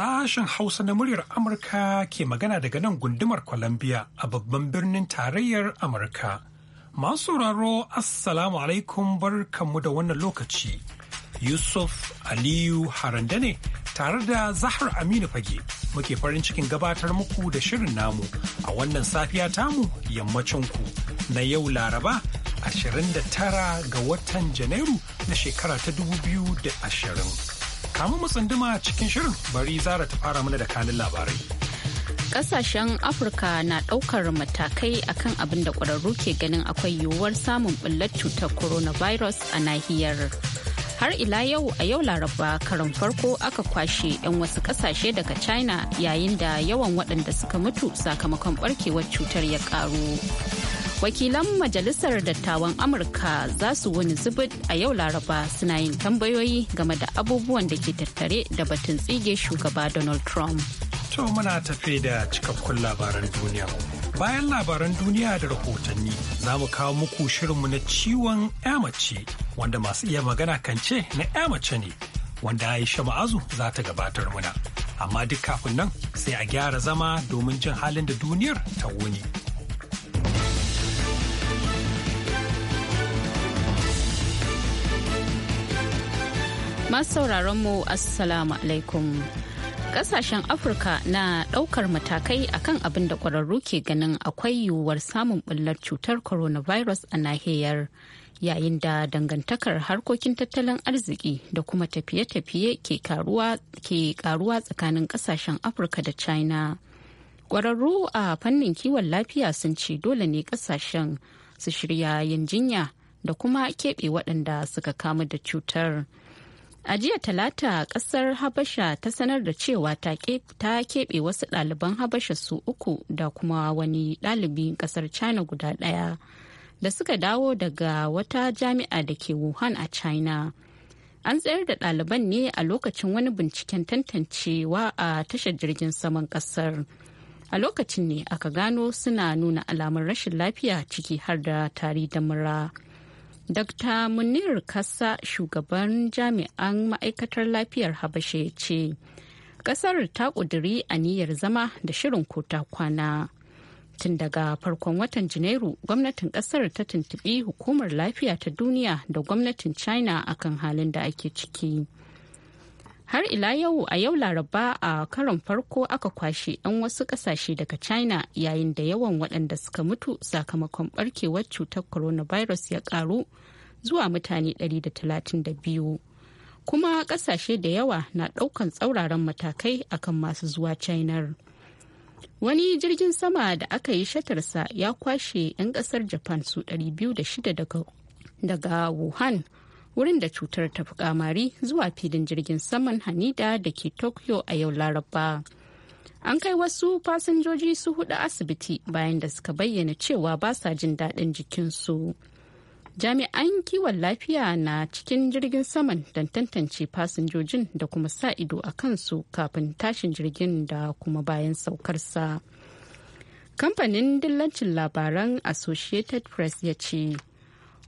sashen Hausa na muryar Amurka ke magana daga nan gundumar Columbia a babban birnin tarayyar Amurka. Masu sauraro Assalamu alaikum barkanmu da wannan lokaci. Yusuf Aliyu Haranda ne tare da Zahar Aminu Fage muke farin cikin gabatar muku da shirin namu a wannan safiya tamu yammacinku na yau Laraba 29 ga watan Janairu na shekara ta 2020. kamun mu tsunduma cikin shirin bari zara ta fara mana da kanin labarai. Kasashen Afirka na ɗaukar matakai akan abin da ƙwararru ke ganin akwai yiwuwar samun ɓullar cutar coronavirus a nahiyar. Har ila yau a yau laraba karan farko aka kwashe 'yan wasu kasashe daga China yayin da yawan waɗanda suka mutu sakamakon ɓarkewar cutar ya ƙaru. wakilan majalisar dattawan amurka za su wani zubut a yau laraba suna yin tambayoyi game da abubuwan da ke tattare da batun tsige shugaba donald trump to muna tafe da cikakkun labaran duniya bayan labaran duniya da rahotanni za mu kawo muku shirinmu na ciwon mace wanda masu iya magana kan ce na mace ne wanda aisha ma'azu za ta gabatar muna amma duk kafin nan sai a gyara zama domin jin halin da duniyar ta wuni. masu sauraron mu assalamu alaikum kasashen afirka na ɗaukar matakai akan abin da kwararru ke ganin akwai yiwuwar samun bullar cutar coronavirus a nahiyar yayin da dangantakar harkokin tattalin arziki da kuma tafiye-tafiye ke karuwa tsakanin kasashen afirka da china ƙwararru a fannin kiwon lafiya sun ce dole ne kasashen su shirya yin jinya da kuma keɓe waɗanda suka kamu da cutar. A jiya Talata kasar Habasha ta sanar da cewa ta keɓe wasu ɗaliban Habasha su uku da kuma wani ɗalibin kasar China guda ɗaya da suka dawo daga wata jami'a da ke Wuhan a China. An tsayar da ɗaliban ne a lokacin wani binciken tantancewa a tashar jirgin saman kasar. A lokacin ne aka gano suna nuna alamun rashin lafiya ciki har da tari da mura. Dr. Munir Kassa shugaban jami'an ma'aikatar lafiyar Habasha ya ce, Kasar ta ƙuduri aniyar zama da shirin kota kwana. Tun daga farkon watan Janairu, gwamnatin kasar ta tuntuɓi hukumar lafiya ta duniya da gwamnatin China akan halin da ake ciki. har ila yau a yau laraba a karon farko aka kwashe 'yan wasu kasashe daga china yayin da yawan waɗanda suka mutu sakamakon barkewar cutar coronavirus ya karu zuwa mutane 132 kuma kasashe da yawa na ɗaukan tsauraran matakai akan masu zuwa china wani jirgin sama da aka yi shatarsa ya kwashe 'yan ƙasar japan su 206 daga wuhan wurin da cutar ta fi kamari zuwa filin jirgin saman hanida da ke tokyo a yau laraba an kai wasu fasinjoji su hudu asibiti bayan da suka bayyana cewa ba sa jin daɗin jikinsu jami'an kiwon lafiya na cikin jirgin saman don tantance fasinjojin da kuma sa ido a kansu kafin tashin jirgin da kuma bayan saukarsa kamfanin dillancin labaran associated press ya ce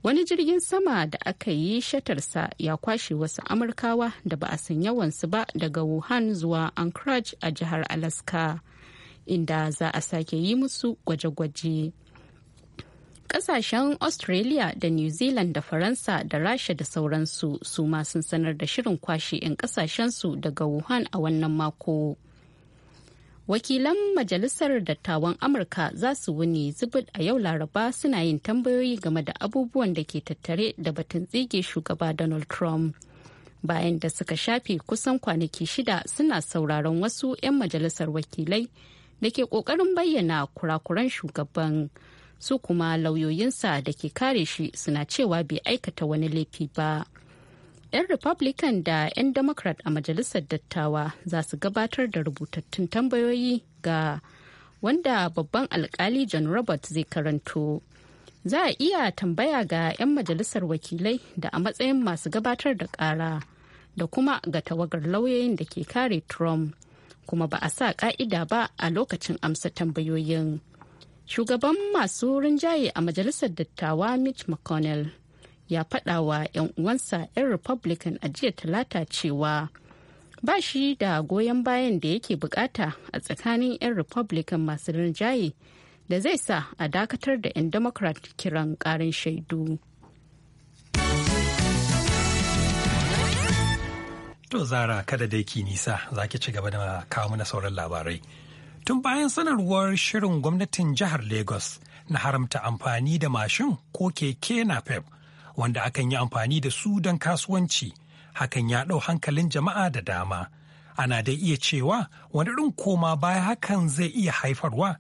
wani jirgin sama da aka yi shatarsa ya kwashe wasu amurkawa da ba a san yawansu ba daga wuhan zuwa anchorage a jihar alaska inda za a sake yi musu gwaje-gwaje kasashen australia da new zealand da faransa da rasha da sauransu su ma sun sanar da shirin kwashe 'yan kasashensu daga wuhan a wannan mako. wakilan majalisar dattawan amurka za su wuni zubut a yau laraba suna yin tambayoyi game da abubuwan da ke tattare da batun tsige shugaba donald trump bayan da suka shafe kusan kwanaki shida suna sauraron wasu 'yan majalisar wakilai da ke kokarin bayyana kurakuran shugaban su kuma lauyoyinsa da ke kare shi suna cewa bai aikata wani laifi ba. 'yan republican da 'yan democrat a majalisar dattawa za su gabatar da rubutattun tambayoyi ga wanda babban alkali john robert zai karanto za a iya tambaya ga 'yan majalisar wakilai da a matsayin masu gabatar da ƙara da kuma ga tawagar lauyoyin da ke kare trump kuma ba a sa ƙa'ida ba a lokacin amsa tambayoyin shugaban masu rinjaye a majalisar dattawa mitch mcconnell ya faɗa wa 'yan uwansa 'yan republican a jiya talata cewa ba shi da goyon bayan da yake bukata a tsakanin 'yan republican masu rinjaye da zai sa a dakatar da 'yan democrat kiran karin shaidu to zara kada dai ki nisa za ki ci gaba da kawo mana sauran labarai tun bayan sanarwar shirin gwamnatin jihar lagos na haramta amfani da mashin ko keke na pep wanda akan yi amfani da su don kasuwanci hakan ya ɗau hankalin jama'a da dama ana dai iya cewa wani ɗin koma baya hakan zai iya haifarwa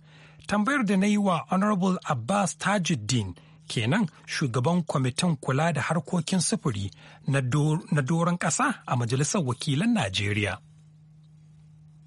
tambayar da na yi wa honorable abbas tajuddin kenan shugaban kwamitin kula da harkokin sufuri na doron ƙasa a majalisar wakilan najeriya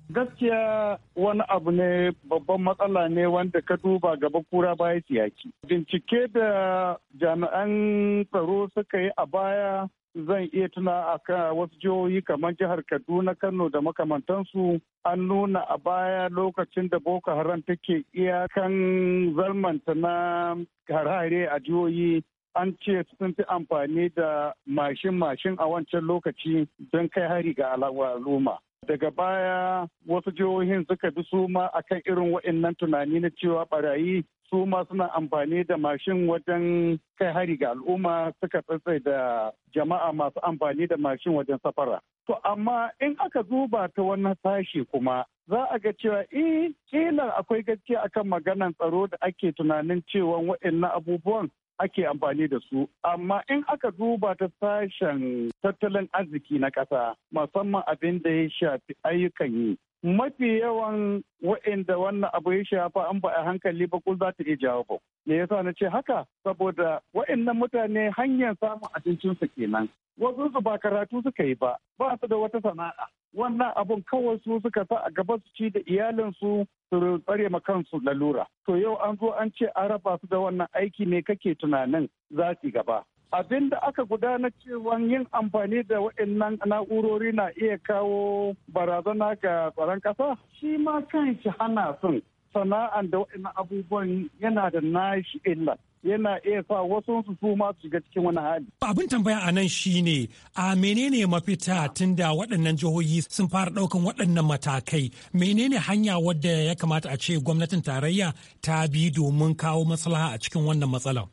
Gaskiya wani abu ne babban matsala ne wanda ka duba gaba kura baya siyaki. Bincike da jami'an tsaro suka yi a baya zan iya tuna a wasu jihohi kamar jihar Kaduna, Kano da makamantansu an nuna a baya lokacin da Boko Haram take iyakan zalmanta na harare a jihohi an ce sun fi amfani da mashin-mashin a wancan lokaci don kai hari ga al'umma. daga baya wasu jihohin suka bi suma ma akan irin waɗannan tunani na cewa barayi su ma suna amfani da mashin wajen kai hari ga al'umma suka tsatsai da jama'a masu amfani da mashin wajen safara. To amma in aka zuba ta wani sashi kuma za a ga cewa eh kila akwai gaskiya akan maganan tsaro da ake tunanin cewa waɗannan abubuwan ake amfani da su amma in aka duba ta sashen tattalin arziki na ƙasa musamman abin da ya shafi ayyukan yi mafi yawan wa'inda wannan abu ya shafa an ba a hankali ba ko za ta iya jawo ba me yasa na ce haka saboda wa'innan mutane hanyar samun su kenan wasu su ba karatu suka yi ba ba su da wata sana'a wannan abun kawai su suka sa a gaba su ci da iyalinsu su tsare ma kansu lalura to yau an zo an ce an raba su da wannan aiki ne kake tunanin za su gaba abin da aka gudana cewa yin amfani da waɗannan na'urori na iya kawo barazana ga tsaron ƙasa shi ma kan shi hana sun sana'an da waɗannan abubuwan yana da nashi illa yana iya sa wasu su ma su shiga cikin wani hali. Abin tambaya a nan shi ne, a menene mafita tun da waɗannan jihohi sun fara ɗaukan waɗannan matakai menene hanya wadda ya kamata a ce gwamnatin tarayya ta bi domin kawo maslaha a cikin wannan matsalar.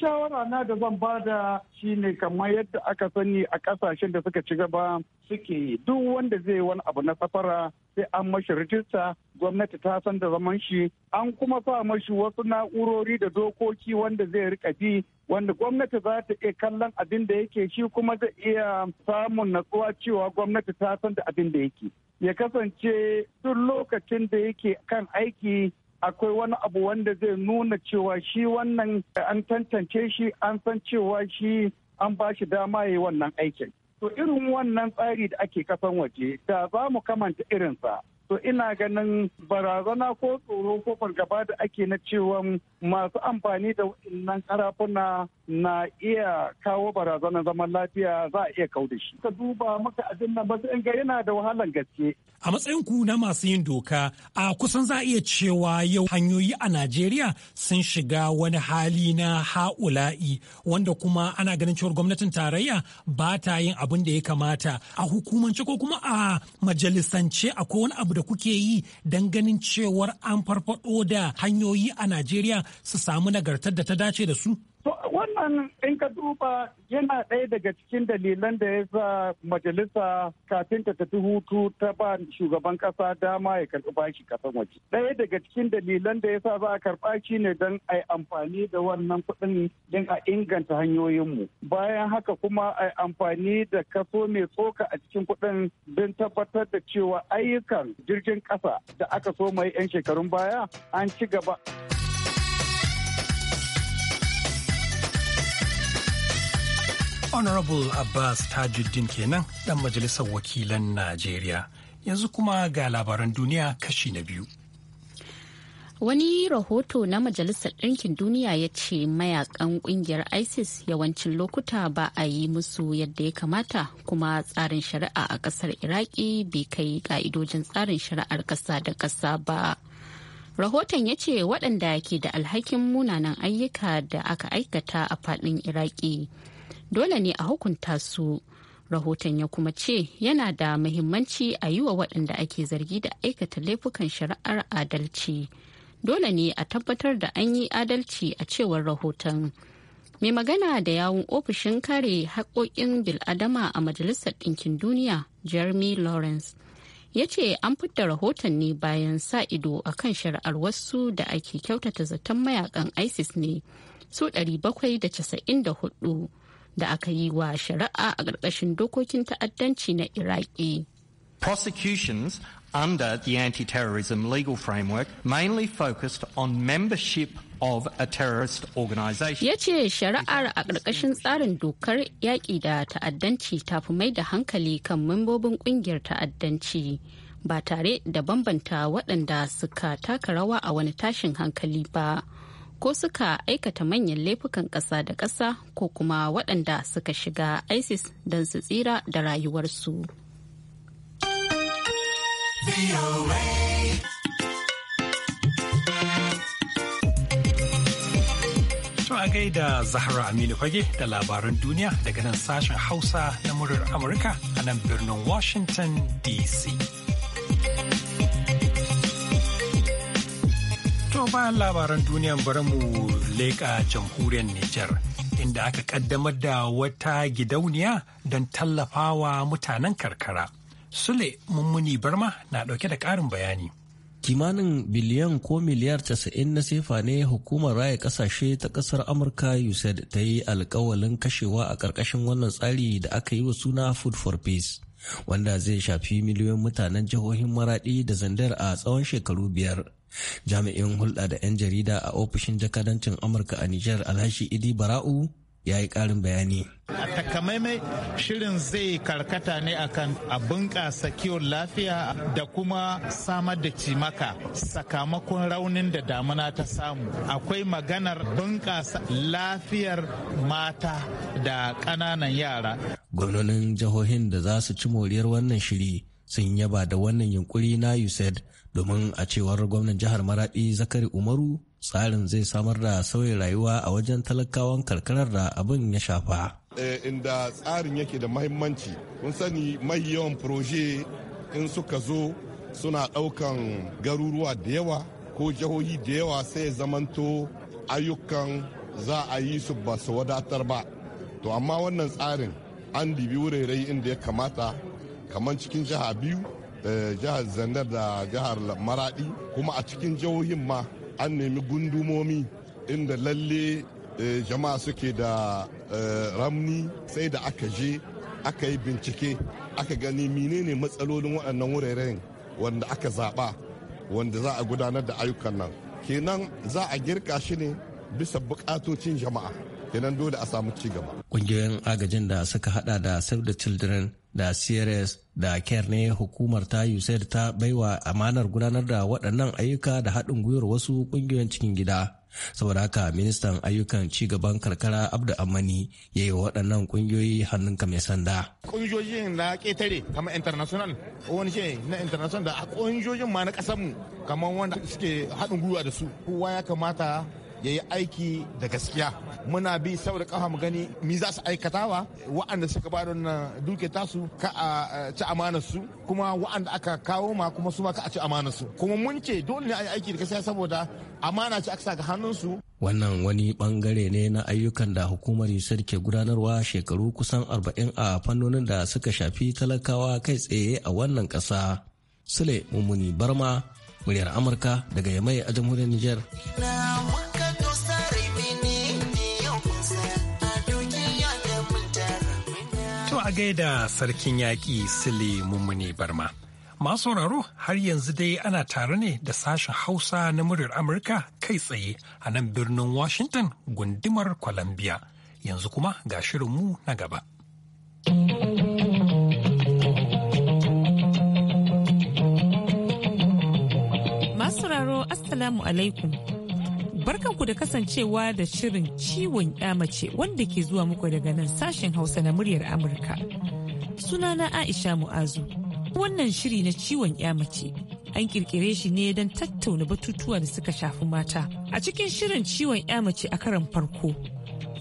shawara na da zan bada ne kamar yadda aka sani a kasashen da suka ci gaba suke duk wanda zai wani abu na safara sai an mashi rijista gwamnati ta san da zaman shi an kuma sa mashi wasu na'urori da dokoki wanda zai rika bi wanda gwamnati za ta iya kallon abin da yake shi kuma zai iya samun natsuwa cewa gwamnati ta san da abin da yake ya kasance duk lokacin da yake kan aiki akwai wani abu wanda zai nuna cewa shi wannan an tantance shi an san cewa shi an ba shi dama ya yi wannan aikin. To irin wannan tsari da ake kasan waje da za mu kamanta irinsa to ina ganin barazana ko tsoro ko fargaba da ake na cewa masu amfani da waɗannan karafuna na iya kawo barazanar zaman lafiya za a iya kau da shi. Ka duba maka abin nan ba ga yana da wahalan gaske. A matsayin ku na masu yin doka a kusan za a iya cewa yau hanyoyi a Najeriya sun shiga wani hali na ha'ula'i wanda kuma ana ganin cewar gwamnatin tarayya ba ta yin abin da ya kamata a hukumance ko kuma a majalisance akwai wani abu da da kuke yi don ganin cewar an farfado da hanyoyi a Najeriya su samu nagartar da ta dace da su? wannan in ka duba yana ɗaya daga cikin dalilan da ya sa majalisa kafin ta tafi hutu ta ba shugaban ƙasa dama ya karɓi bashi ƙasan waje. Ɗaya daga cikin dalilan da ya sa za a karɓa shi ne don a yi amfani da wannan kuɗin don a inganta hanyoyinmu. Bayan haka kuma a yi amfani da kaso mai tsoka a cikin kuɗin don tabbatar da cewa ayyukan jirgin ƙasa da aka so mai 'yan shekarun baya an ci gaba. Honorable Abbas Tajuddin kenan dan majalisar wakilan Najeriya. Yanzu kuma ga labaran duniya kashi na biyu. Wani rahoto na Majalisar Ɗinkin Duniya ya ce mayakan ƙungiyar ISIS yawancin lokuta ba a yi musu yadda ya kamata kuma tsarin shari'a a ƙasar Iraki bai kai ƙa'idojin tsarin shari'ar ƙasa da ƙasa ba. Rahoton ya ce waɗanda ke da alhakin munanan ayyuka da aka aikata a faɗin Iraki dole ne a hukunta su rahoton ya kuma ce yana da muhimmanci a yi wa waɗanda ake zargi da aikata laifukan shari'ar adalci dole ne a tabbatar da an yi adalci a cewar rahoton mai magana da yawun ofishin kare haƙoƙin biladama a majalisar ɗinkin duniya jeremy lawrence ya ce an fidda rahoton ne bayan sa ido a kan shari'ar wasu da ake kyautata zaton mayakan isis ne su 794 da aka yi wa shari'a a ƙarƙashin dokokin ta'addanci na iraki prosecutions under the anti-terrorism legal framework mainly focused on membership of a terrorist organization. Ya ce shari'ar a ƙarƙashin tsarin dokar yaƙi da ta'addanci ta fi mai da hankali kan membobin ƙungiyar ta'addanci ba tare da bambanta waɗanda suka taka rawa a wani tashin hankali ba. ko suka aikata manyan laifukan ƙasa da ƙasa ko kuma waɗanda suka shiga isis don su tsira da rayuwarsu. a gaida Zahra Aminu Fage da labaran duniya daga nan sashen Hausa na murar Amurka a nan birnin Washington DC. To bayan labaran duniya bari mu leƙa jamhuriyar Nijar inda aka kaddamar da wata gidauniya don tallafawa mutanen karkara. Sule mummuni barma na ɗauke da ƙarin bayani. kimanin biliyan ko miliyar 90 na sefa ne hukumar raya kasashe ta ƙasar amurka usaid ta yi alkawalin kashewa a ƙarƙashin wannan tsari da aka yi wa suna food for peace wanda zai shafi miliyoyin mutanen jihohin Maraɗi da zandar a tsawon shekaru biyar jami'in hulɗa da 'yan jarida a ofishin jakadancin amurka a nijar alhashi idi bara'u ya yi ƙarin bayani. A takamaimai shirin zai karkata ne akan a bunƙasa kiwon lafiya da kuma samar da cimaka sakamakon raunin da damuna ta samu. Akwai maganar bunƙasa lafiyar mata da ƙananan yara. Gwamnonin jihohin da za su ci moriyar wannan shiri sun yaba da wannan yunkuri na USAID domin a cewar gwamnan jihar Maradi Zakari Umaru tsarin zai samar da sauyin rayuwa a wajen talakawan karkarar da abin ya shafa. Eh, inda tsarin yake da mahimmanci, kun sani mai yawan proje in suka zo suna ɗaukan garuruwa da yawa ko jihohi da yawa sai zamanto ayyukan za a yi su ba su wadatar ba. To amma wannan tsarin an dibi wurare inda ya kamata kamar cikin jiha biyu eh, jihar zandar da jihar maradi kuma a cikin jihohin ma an nemi gundumomi inda lalle eh, jama'a suke da eh, ramni sai da aka je aka yi bincike aka gani menene matsalolin waɗannan wuraren wanda aka zaɓa wanda za a gudanar da ayyukan nan kenan za a girka shi ne bisa buƙatocin jama'a kenan dole a samu ci gaba ƙungiyoyin agajin da suka hada da save the children da crs da care ne hukumar ta usaid ta baiwa amanar gudanar da waɗannan ayyuka da haɗin gwiwar wasu ƙungiyoyin cikin gida saboda haka ministan ayyukan ci gaban karkara abdu amani ya yi waɗannan ƙungiyoyi hannunka mai sanda ƙungiyoyin na ƙetare kamar international wani ce na international da ƙungiyoyin ma na ƙasarmu kamar wanda suke haɗin gwiwa da su kowa ya kamata ya yi aiki da gaskiya muna bi saboda kafa mu gani mi za su aikatawa wa'anda suka ba da wannan duke tasu ka a ci amanar su kuma wa'anda aka kawo ma kuma su ma ka a ci amanar su kuma mun ce dole ne a yi aiki da gaskiya saboda amana ce aka sa ga hannun su wannan wani bangare ne na ayyukan da hukumar yusuf ke gudanarwa shekaru kusan arba'in a fannonin da suka shafi talakawa kai tsaye a wannan kasa sule mummuni barma muryar amurka daga yamai a jamhuriyar niger a gaida sarkin yaƙi sile Mummuni Barma. Masu sauraro har yanzu dai ana tare ne da sashen Hausa na muryar Amurka kai tsaye a nan birnin Washington gundumar Columbia. Yanzu kuma ga mu na gaba. Masu sauraro Assalamu alaikum. barkanku da kasancewa da shirin ciwon mace wanda ke zuwa muku daga nan sashen hausa na muryar amurka sunana aisha mu'azu wannan shiri na ciwon mace an kirkire shi ne don tattauna batutuwa da suka shafi mata a cikin shirin ciwon mace a karan farko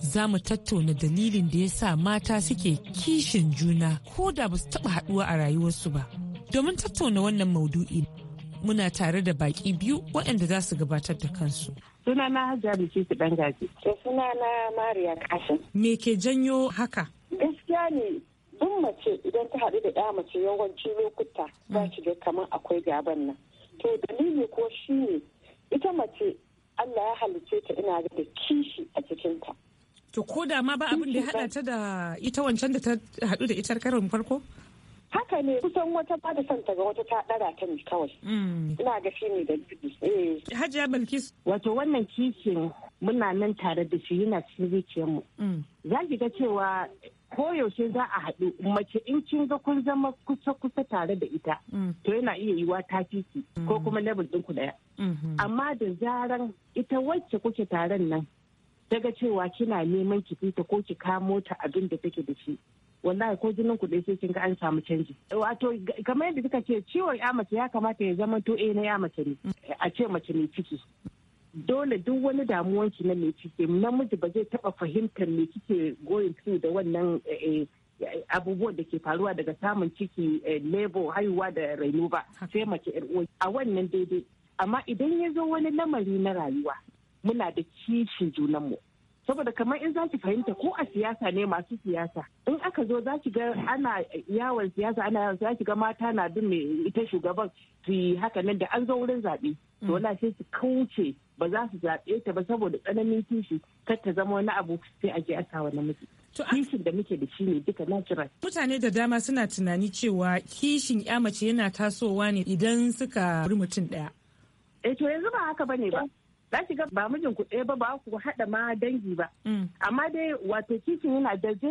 za mu tattauna dalilin da ya sa mata suke kishin juna ko da ba su taɓa haɗuwa a rayuwarsu ba domin tattauna wannan maudu'i muna tare da baki biyu waɗanda za su gabatar da kansu. Suna Sunana Hajiya gaji. Suna na Mariya Kashin. Me ke janyo haka? Gaskiya ne duk mace idan ta haɗu da ɗaya mace yawanci lokuta za ki ga kamar akwai gaban nan. To dalili ko shi ne ita mace Allah ya halice ta ina da kishi a cikinta. To ko da ma ba abin da ya haɗa ta da ita wancan da ta haɗu da ita karin farko? haka ne kusan wata ba da son ga wata ta dara ta ne kawai hmm. ina ga shi ne da eh hajiya bilkis wato wannan kishin muna nan tare da shi yana cikin zuciyarmu hmm. za ki ga cewa koyaushe za a haɗu mace in kin ga kun zama kusa-kusa tare da ita hmm. to yana iya yiwa ta fiki ko kuma level ku ɗaya amma da zaran ita wacce kuke taron nan daga cewa kina neman ki fita ko ki kamo ta abin da take da shi wallahi ko jinin ku ɗaya sai kin ga an samu canji wato kamar yadda kika ce ciwon ya mace ya kamata ya zama to eh na ya mace ne a ce mace mai ciki dole duk wani damuwan ki na mai ciki namiji ba zai taba fahimtar me kike going through da wannan eh, eh, abubuwan da ke faruwa daga samun ciki eh, lebo haihuwa da raino ba sai mace yar a wannan daidai amma idan ya zo wani lamari na rayuwa muna da kishin junanmu saboda kamar in zaki fahimta ko a siyasa ne masu siyasa in aka zo za ki ga ana yawon siyasa ana yawon za ki ga mata na bin mai ita shugaban su yi haka nan da an zo wurin zaɓe to na mm. sai su kauce ba za su zaɓe ta ba saboda tsananin kishi kar ta zama wani abu sai a je a sa wani miji kishin da muke da shi ne duka natural mutane da dama suna tunani cewa kishin ya mace yana tasowa ne idan suka mutum ɗaya eh to yanzu ba haka bane ba za ki ga ba mijin ku ɗaya ba ba ku haɗa ma dangi ba mm. amma dai wato kicin yana da je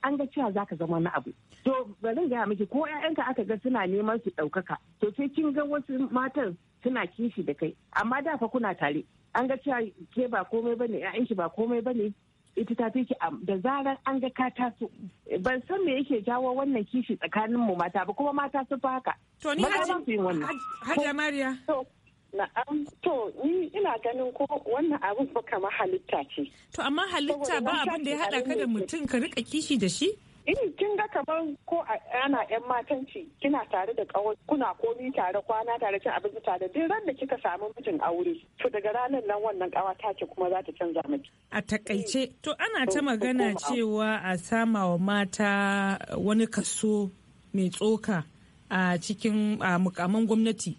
an ga cewa zaka zama na abu to bari ga miki ko ƴaƴanka aka ga suna neman su ɗaukaka to sai kin ga wasu matan suna kishi da kai amma da fa kuna tare an ga cewa ke ba komai ba ƴaƴan shi ba komai ba ne ita ta fi da zarar an ga ka taso ban san me yake jawo wannan kishi tsakanin mu mata ba kuma mata sun fi haka to ni hajiya mariya Na'am, to ni ina ganin ko wannan abin ba kama halitta ce. To amma halitta ba abin da ya haɗa ka da mutum ka rika kishi da shi? in eh, kin ga kamar ko ana yan matanci kina tare da kawai kuna komi tare kwana tare cin abinci tare duk ran da kika samu mijin aure to daga ranar nan wannan kawa ta ce kuma za ta canza miki a takaice to ana ta magana cewa a sama wa mata wani kaso mai tsoka a cikin mukamman gwamnati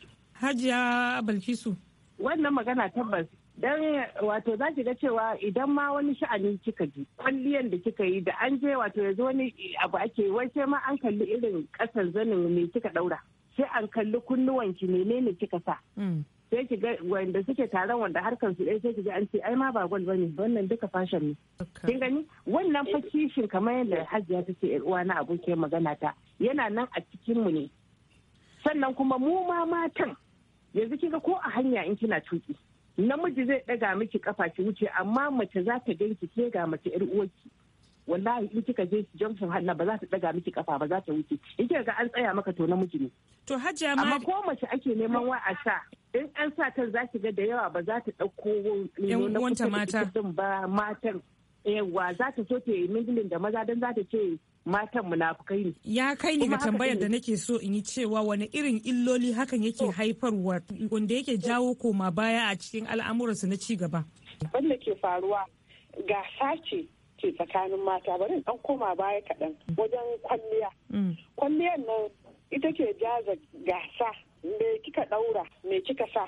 hajiya balkisu wannan magana tabbas dan wato za ki ga cewa idan ma wani sha'ani kika ji kwalliyan da kika yi da an je wato zo wani abu ake wai sai ma an kalli irin kasar zanin me kika daura sai an kalli kunnuwanki menene kika sa mm. sai ki ga wanda suke taron wanda harkar su ɗaya sai ki ga an ce ai ma ba gwal bane wannan duka fashion ne kin gani wannan fa kishin kamar yadda Hajiya ta ce ƴar uwa na abokiyar magana ta yana nan a cikin mu ne sannan kuma mu ma matan yanzu kika ko a hanya in kina tuki namiji zai ɗaga miki kafa ki wuce amma mace za ta ganki ke ga mace yar uwarki wallahi in kika je junction hanna ba za ta daga miki kafa ba za ta wuce in kika ga an tsaya maka to namiji ne to hajja ma amma ko mace ake neman wa a sa in an sa ta za ki ga da yawa ba za ta dauko wani mata ba matan yawa za ta so ta yi mingilin da maza don za ta ce matan munafukai ne. Ya kai ni ga tambayar da nake so in yi cewa wani irin illoli hakan yake haifarwa wanda yake jawo koma baya a cikin al'amuransu na ci gaba. Wanda ke faruwa gasa ce ke tsakanin mata bari dan koma baya kaɗan wajen kwalliya. Mm. Kwalliyar nan ita ke jaza gasa me kika ɗaura me kika sa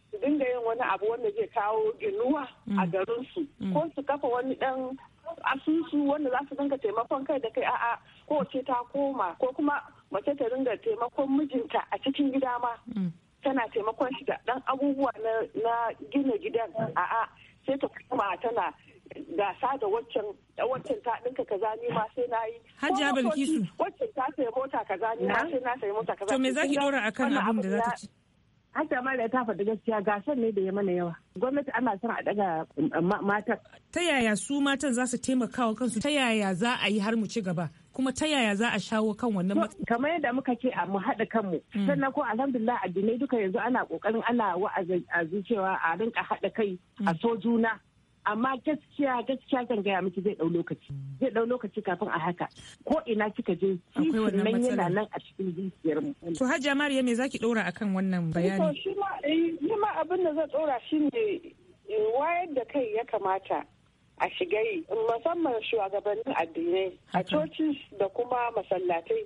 su dinga yin wani abu wanda zai kawo inuwa mm. a garinsu mm. ko su kafa wani dan asusu wanda za su dinga taimakon kai da kai a'a ko ce ta koma ko kuma mace ta dinga taimakon mijinta a cikin gida ma mm. tana taimakon shi da dan abubuwa na gina gidan a'a sai ta koma tana gasa da waccan waccan ta dinka kaza ni ma sai na yi Hajiya Bilkisu waccan ta sai mota kaza ni ma sai na sai mota kaza to me zaki dora akan abin da za ta ci Hajja ya ta faɗi gaskiya gasar ne da ya mana yawa. Gwamnati ana son a daga um, matan. Ta yaya su matan za su taimaka wa kansu? Ta yaya za a yi har mu ci gaba? Kuma ta yaya za a shawo kan wannan matsalar? Kamar yadda muka ce a mu haɗa kanmu. Mm. Sannan ko alhamdulillah addinai duka yanzu ana ƙoƙarin ana wa'azi cewa a rinka haɗa kai a mm. so juna. amma gaskiya gaskiya zan gaya miki zai dau lokaci zai dau lokaci kafin a haka ko ina kika je titin nan yana nan a cikin zuciyar mu to hajja mariya me zaki dora akan wannan eh, bayani to shi ma eh, ni ma abin da zan daura shine eh, wayar da kai ya kamata a shiga musamman shugabannin addinai a coci da kuma masallatai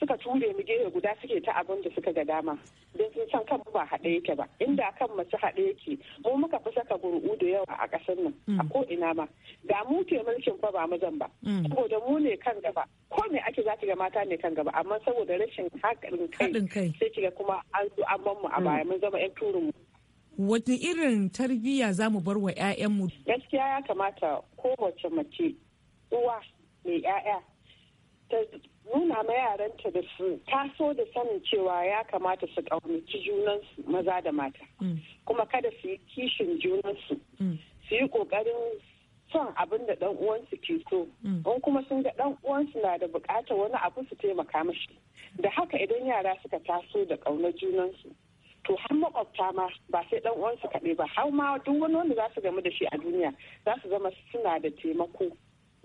suka ture mu gefe guda suke ta abin da suka ga dama don sun san kan ba haɗe yake ba inda kan mace haɗe yake mu muka fi saka gurɓu da yawa a ƙasar nan a mm. ko ina ma da mu ke mulkin fa ba mu zan ba mm. saboda mu ne kan gaba ko me ake za ga mata ne kan gaba amma saboda rashin haɗin kai sai kiga kuma an zo an mu a mm. baya mun zama 'yan turin mu wata irin tarbiyya za mu bar wa 'ya'yanmu? gaskiya ya kamata kowace mace uwa mai 'ya'ya ta nuna ma yaranta da su taso da sanin cewa ya kamata su ƙaunaci junansu maza da mata mm. kuma kada su yi kishin junansu mm. su yi ƙoƙarin son abin da ɗan uwansu ke so mm. in kuma sun ga ɗan uwansu na da buƙatar wani abu su taimaka mashi da haka idan yara suka taso da ƙaunar junansu to har makwabta ma ba sai dan uwansu kaɗai ba har ma duk wani wanda za su gamu da shi a duniya za su zama suna da taimako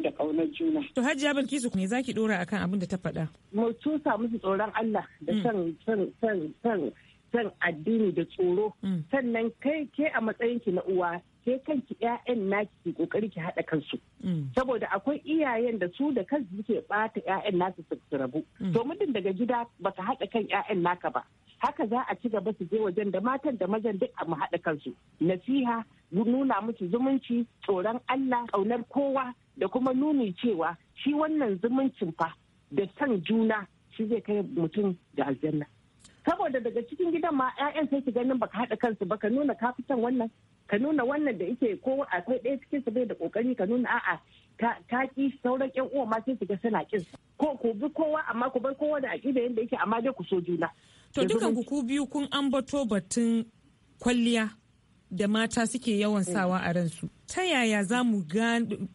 da ƙaunar juna. To hajji Hajiya Bilkisu ne zaki dora akan abin da ta faɗa. Mu tusa musu tsoron Allah da san mm. san san san san addini da tsoro mm. sannan kai ke a matsayinki na uwa ke kanki ƴaƴan naki ki kokari ki haɗa kansu mm. saboda akwai iyayen da su da kansu suke bata ƴaƴan nasu su rabu to muddin daga gida baka haɗa kan ƴaƴan naka ba haka za a ci gaba su je wajen da matan da mazan duk a mu kansu nasiha nuna musu zumunci tsoron Allah kaunar kowa da kuma nuni cewa shi wannan zumuncin fa da san juna shi zai kai mutum da aljanna saboda daga cikin gidan ma 'ya'yan sai ki ganin baka haɗa kansu ba ka nuna kafitan wannan ka nuna wannan da yake ko akwai ɗaya cikin su bai da kokari ka nuna a'a ta ki sauran yan uwa ma sai su ga suna kin ko ku bi kowa amma ku bar kowa da aƙida yadda yake amma dai ku so juna To eh, dukan ku biyu kun ambato batun kwalliya da mata suke yawan eh. sawa a ransu. Ta yaya za mu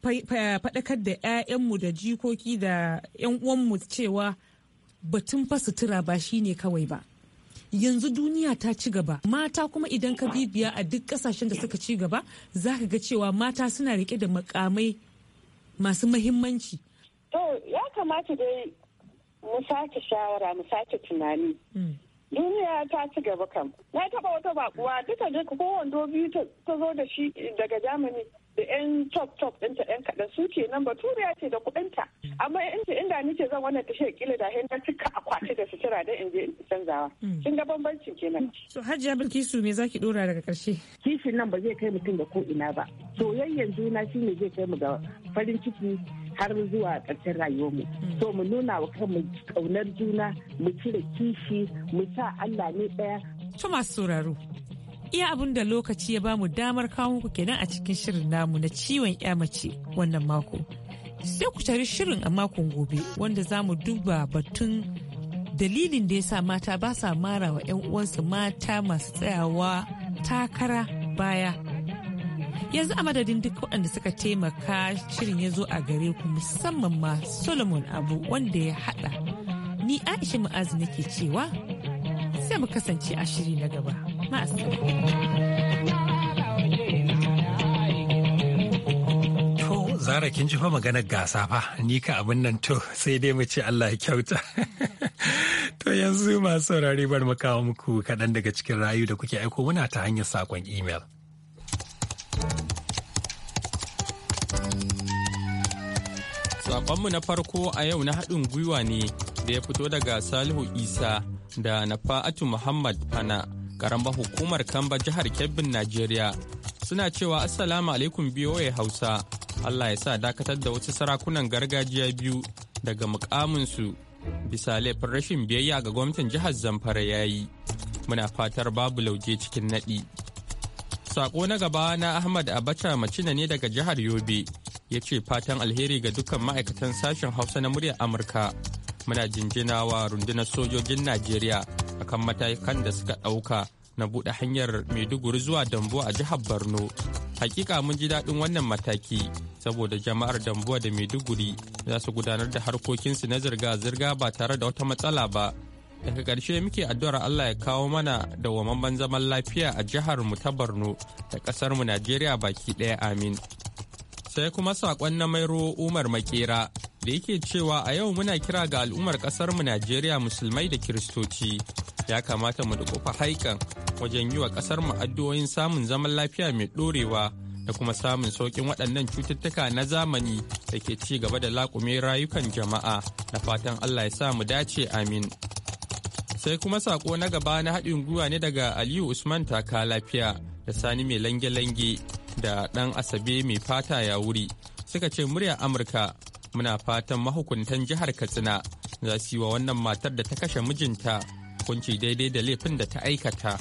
faɗakar da 'ya'yanmu da jikoki da 'yan uwanmu cewa batun fasutura ba shi ne kawai ba. Yanzu duniya ta ci gaba. Mata kuma idan ka bibiya a duk kasashen da suka ci gaba za ka ga cewa mata suna rike da makamai masu mahimmanci. To ya kamata dai mu sake shawara mu sake tunani. Hmm. duniya ta ci gaba kam na taba wata bakuwa duka duka kowanne biyu ta zo da shi daga germany da yan top top ɗinta yan kaɗan su ke nan ya ce da kuɗinta amma in ce inda ni ce zan wannan tashar kila da na cika akwati da sutura da in je in canzawa hmm. kin ga bambancin kenan. Hmm. so hajiya bilkisu me zaki dora daga karshe. kishin nan ba zai kai mutum da ko ina ba soyayyen juna shine zai kai mu ga farin ciki har zuwa ƙarshen rayuwarmu hmm. so mu nuna wa kanmu ƙaunar juna mu cire kishi mu sa Allah ne ɗaya. Thomas Sauraro, iya abin da lokaci ya bamu damar kawo muku kenan a cikin shirin namu na ciwon ya mace wannan mako. Sai ku tari shirin a makon gobe wanda za mu duba batun dalilin da ya sa mata ba sa mara wa 'yan uwansu mata masu tsayawa takara baya. Yanzu a madadin duk waɗanda suka taimaka shirin ya zo a gare ku musamman ma Solomon Abu wanda ya haɗa. Ni Aisha Ma'azu nake cewa sai mu kasance a shiri na gaba. Zara kin ji fa maganar gasa fa ni ka abin nan to sai dai mu Allah ya kyauta. To yanzu masu saurari bar mu muku kaɗan daga cikin rayu da kuke aiko muna ta hanyar saƙon imel. Saƙonmu na farko a yau na haɗin gwiwa ne da ya fito daga Salihu Isa da na Nafa'atu Muhammad Fana karamba hukumar Kamba jihar Kebbin Najeriya suna cewa Assalamu alaikum BOA Hausa. Allah ya sa dakatar da wasu sarakunan gargajiya biyu daga mukaminsu bisa laifin rashin biyayya ga gwamnatin jihar Zamfara ya yi. Muna fatar babu lauje cikin naɗi. Sako na gaba na Ahmad Abacha macina ne daga jihar Yobe ya ce fatan alheri ga dukkan ma'aikatan sashen Hausa na muryar Amurka. Muna jinjinawa rundunar sojojin Najeriya akan matakan da suka ɗauka na buɗe hanyar maiduguri zuwa dambuwa a jihar borno hakika mun ji daɗin wannan mataki saboda jama'ar dambuwa da maiduguri za su gudanar da harkokinsu na zirga-zirga ba tare da wata matsala ba daga ƙarshe muke addu'ar allah ya kawo mana da wamamman zaman lafiya a jihar mu ta borno da ƙasar mu najeriya baki ɗaya amin sai kuma saƙon na mairo umar makera da yake cewa a yau muna kira ga al'ummar mu Najeriya musulmai da kiristoci ya kamata mu dukufa haikan wajen yi wa mu addu'o'in samun zaman lafiya mai ɗorewa da kuma samun saukin waɗannan cututtuka na zamani da ke ci gaba da laƙume rayukan jama'a na fatan Allah ya sa mu dace amin. Sai kuma sako na gaba na haɗin gwiwa ne daga Aliyu Usman taka lafiya da Sani mai lange-lange da ɗan Asabe mai fata ya wuri suka ce murya Amurka muna fatan mahukuntan jihar katsina za su yi wa wannan matar da ta kashe mijinta hukunci daidai da laifin da ta aikata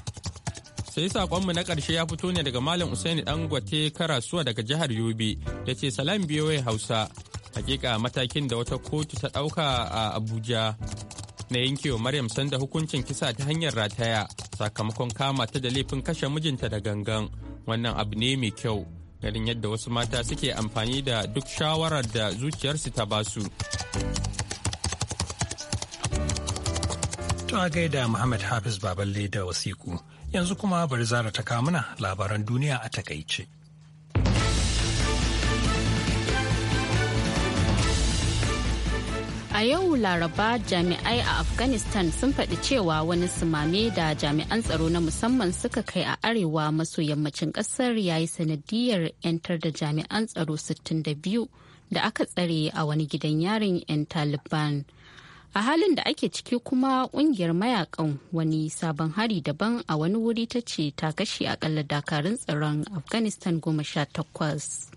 sai saƙonmu na ƙarshe ya fito ne daga malam usaini dangote karasuwa daga jihar yobe da ce salam biyoyi hausa hakika matakin da wata kotu ta ɗauka a abuja na yanke wa maryam sanda hukuncin kisa ta hanyar rataya sakamakon kama ta da laifin kashe mijinta da gangan wannan abu ne mai kyau ganin yadda wasu mata suke amfani da duk shawarar da zuciyarsu ta basu. su. a gaida Muhammad Hafiz Baballe da wasiku yanzu kuma bari zara ta kamuna labaran duniya a takaice. A yau Laraba jami'ai a Afghanistan sun faɗi cewa wani sumame da jami'an tsaro na musamman suka kai a arewa maso yammacin ƙasar ya yi sanadiyar 'yantar da jami'an tsaro 62 da aka tsare a wani gidan yarin 'yan Taliban. A halin da ake ciki kuma ƙungiyar mayakan wani sabon hari daban a wani wuri ta ce ta kashe akalla dakarun tsaron Afghanistan goma sha takwas.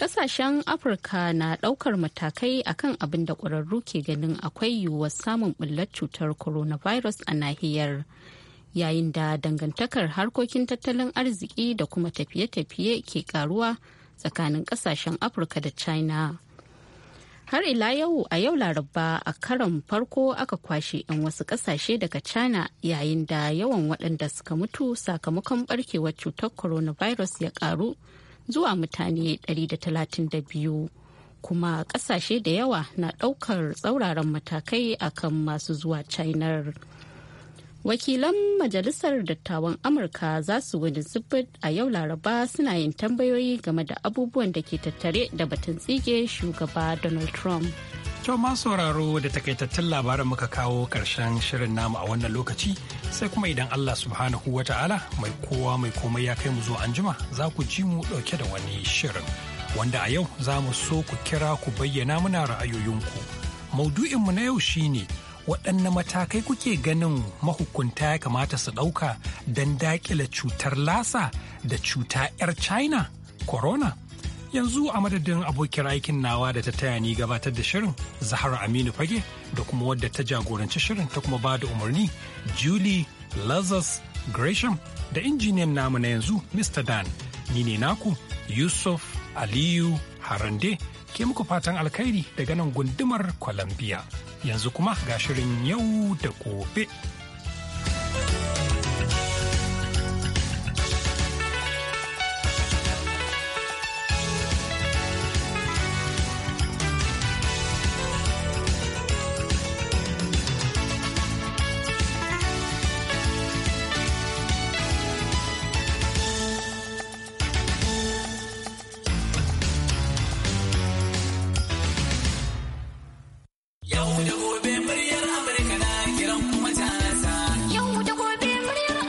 Kasashen Afirka na ɗaukar matakai akan abin da ƙwararru ke ganin akwai yiwuwar samun ɓullar cutar coronavirus a nahiyar. Yayin da dangantakar harkokin tattalin arziki da kuma tafiye-tafiye ke karuwa tsakanin kasashen Afirka da China. har ila yau a yau laraba a karon farko aka kwashe 'yan wasu kasashe daga china yayin da yawan waɗanda suka mutu sakamakon barkewar cutar coronavirus ya karu zuwa mutane 132 kuma kasashe da yawa na daukar tsauraran matakai akan masu zuwa chinar. wakilan majalisar dattawan amurka za su wani a yau laraba suna yin tambayoyi game da abubuwan da ke tattare da batun tsige shugaba donald trump To sauraro da takaitattun labarin muka kawo karshen shirin namu a wannan lokaci sai kuma idan Allah subhanahu wa ta'ala mai kowa mai komai ya kai mu zuwa anjima za ku ji mu dauke da wani shirin wanda a yau za mu so ku kira ku bayyana muna ra'ayoyinku. Maudu'inmu na yau shine waɗanne matakai kuke ganin mahukunta ya kamata su ɗauka don daƙile cutar lasa da cuta 'yar China, corona. yanzu a madadin abokin aikin nawa da ta taya ni gabatar da shirin zahara aminu fage da kuma wadda ta jagoranci shirin ta kuma ba da umarni julie lazarus gresham da injiniyan namu na yanzu mr dan ni ne naku yusuf aliyu harande ke muku fatan alkhairi daga nan gundumar columbia yanzu kuma ga shirin yau da gobe.